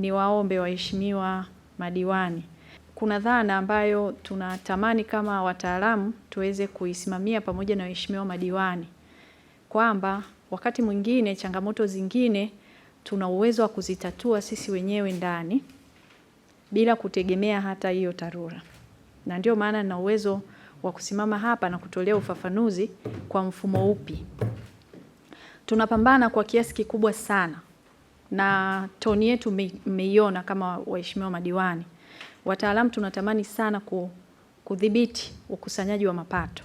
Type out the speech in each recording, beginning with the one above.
ni waombe waheshimiwa madiwani, kuna dhana ambayo tunatamani kama wataalamu tuweze kuisimamia pamoja na waheshimiwa madiwani kwamba wakati mwingine changamoto zingine tuna uwezo wa kuzitatua sisi wenyewe ndani bila kutegemea hata hiyo TARURA, na ndio maana nina uwezo wa kusimama hapa na kutolea ufafanuzi kwa mfumo upi tunapambana kwa kiasi kikubwa sana na toni yetu mmeiona kama waheshimiwa madiwani. Wataalamu tunatamani sana kudhibiti ukusanyaji wa mapato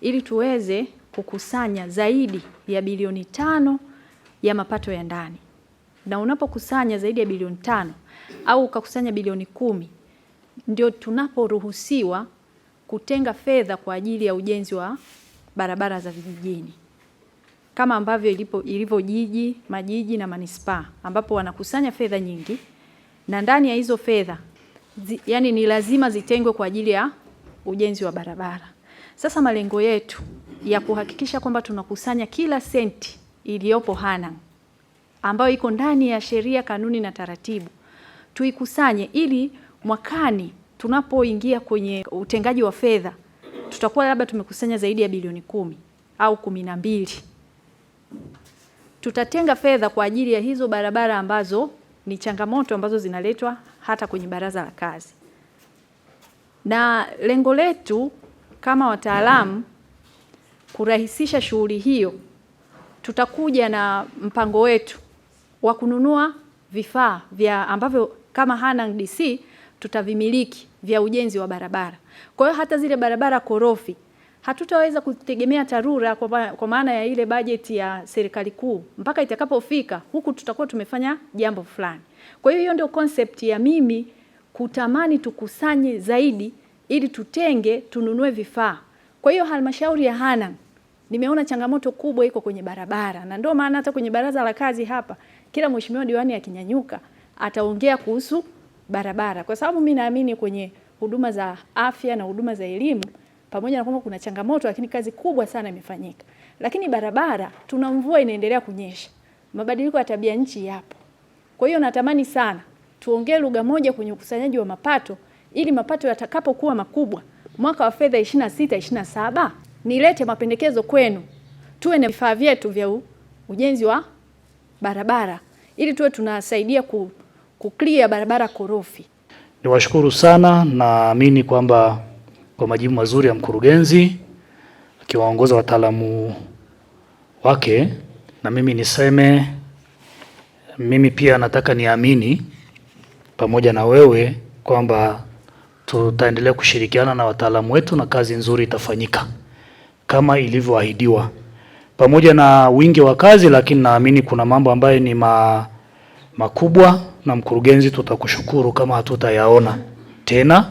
ili tuweze kukusanya zaidi ya bilioni tano ya mapato ya ndani, na unapokusanya zaidi ya bilioni tano au ukakusanya bilioni kumi ndio tunaporuhusiwa kutenga fedha kwa ajili ya ujenzi wa barabara za vijijini kama ambavyo ilipo, ilivyo jiji, majiji na manispaa ambapo wanakusanya fedha nyingi na ndani ya hizo fedha zi, yani ni lazima zitengwe kwa ajili ya ujenzi wa barabara. Sasa malengo yetu ya kuhakikisha kwamba tunakusanya kila senti iliyopo Hanang' ambayo iko ndani ya sheria, kanuni na taratibu tuikusanye, ili mwakani tunapoingia kwenye utengaji wa fedha tutakuwa labda tumekusanya zaidi ya bilioni kumi au kumi na mbili tutatenga fedha kwa ajili ya hizo barabara ambazo ni changamoto ambazo zinaletwa hata kwenye baraza la kazi, na lengo letu kama wataalamu kurahisisha shughuli hiyo, tutakuja na mpango wetu wa kununua vifaa vya ambavyo kama Hanang' DC tutavimiliki vya ujenzi wa barabara. Kwa hiyo hata zile barabara korofi hatutaweza kutegemea TARURA kwa, maana ya ile bajeti ya serikali kuu mpaka itakapofika huku, tutakuwa tumefanya jambo fulani. Kwa hiyo hiyo ndio concept ya mimi kutamani tukusanye zaidi ili tutenge tununue vifaa. Kwa hiyo halmashauri ya Hanang' nimeona changamoto kubwa iko kwenye barabara, na ndio maana hata kwenye baraza la kazi hapa kila mheshimiwa diwani akinyanyuka ataongea kuhusu barabara, kwa sababu mimi naamini kwenye huduma za afya na huduma za elimu pamoja na kwamba kuna changamoto, lakini kazi kubwa sana imefanyika. Lakini barabara, tuna mvua inaendelea kunyesha, mabadiliko ya tabia nchi yapo. Kwa hiyo natamani sana tuongee lugha moja kwenye ukusanyaji wa mapato, ili mapato yatakapokuwa makubwa mwaka wa fedha 26 27 nilete mapendekezo kwenu, tuwe na vifaa vyetu vya ujenzi wa barabara ili tuwe tunasaidia ku, ku clear barabara korofi. Niwashukuru sana, naamini kwamba kwa majibu mazuri ya mkurugenzi akiwaongoza wataalamu wake, na mimi niseme mimi pia nataka niamini pamoja na wewe kwamba tutaendelea kushirikiana na wataalamu wetu na kazi nzuri itafanyika kama ilivyoahidiwa, pamoja na wingi wa kazi, lakini naamini kuna mambo ambayo ni ma, makubwa, na mkurugenzi, tutakushukuru kama hatutayaona tena.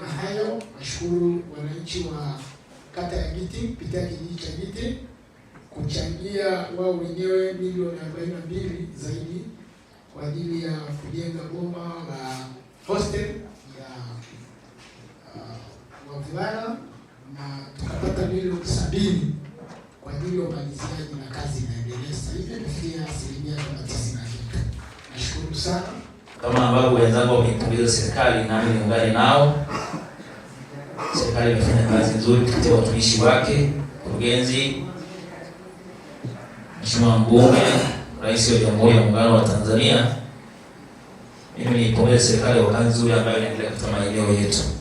kusema hayo, nashukuru wananchi wa kata ya Giti kupitia kijiji cha Giti kuchangia wao wenyewe milioni arobaini na mbili zaidi kwa ajili ya kujenga boma la hostel ya uh, wavulana na tukapata milioni sabini kwa ajili ya umaliziaji na kazi inaendelea sasa hivi kufikia asilimia kama tisini na kitu. Nashukuru sana kama ambavyo wenzangu wameipongeza serikali, nami niungane nao. Serikali imefanya kazi nzuri kupitia watumishi wake, mkurugenzi, mheshimiwa mbunge, rais wa Jamhuri ya Muungano wa Tanzania. Mimi niipongeze serikali kwa kazi nzuri ambayo inaendelea katika maeneo yetu.